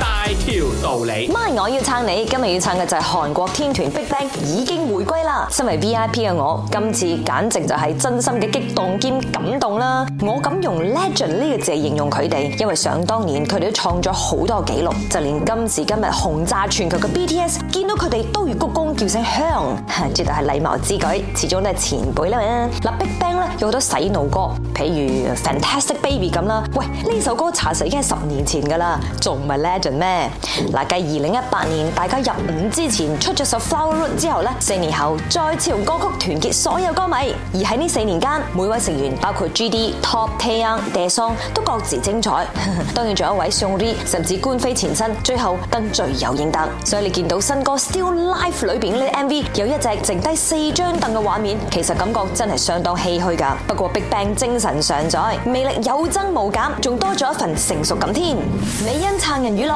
大條道理，乜我要撐你？今日要撐嘅就係韓國天團 BigBang 已經回歸啦！身為 VIP 嘅我，今次簡直就係真心嘅激動兼感動啦！我敢用 legend 呢個字形容佢哋，因為想當年佢哋都創咗好多紀錄，就連今時今日紅炸全球嘅 BTS，見到佢哋都如鞠躬叫聲香，絕對係禮貌之舉，始終都係前輩啦。嗱，BigBang 咧有好多洗腦歌，譬如 Fantastic Baby 咁啦。喂，呢首歌查實已經係十年前㗎啦，仲唔係 legend？咩嗱？繼二零一八年大家入伍之前出咗首《Flower Road》之後呢，四年後再次用歌曲團結所有歌迷。而喺呢四年間，每位成員包括 G D、Top、Taeyang、Daesung 都各自精彩。呵呵，當然仲有一位勝利，甚至官非纏身，最後更罪有應得。所以你見到新歌《Still Life》裏邊呢 MV 有一只剩低四張凳嘅畫面，其實感覺真係相當唏噓噶。不過，Big Bang 精神尚在，魅力有增無減，仲多咗一份成熟感添。美恩撐人娛樂。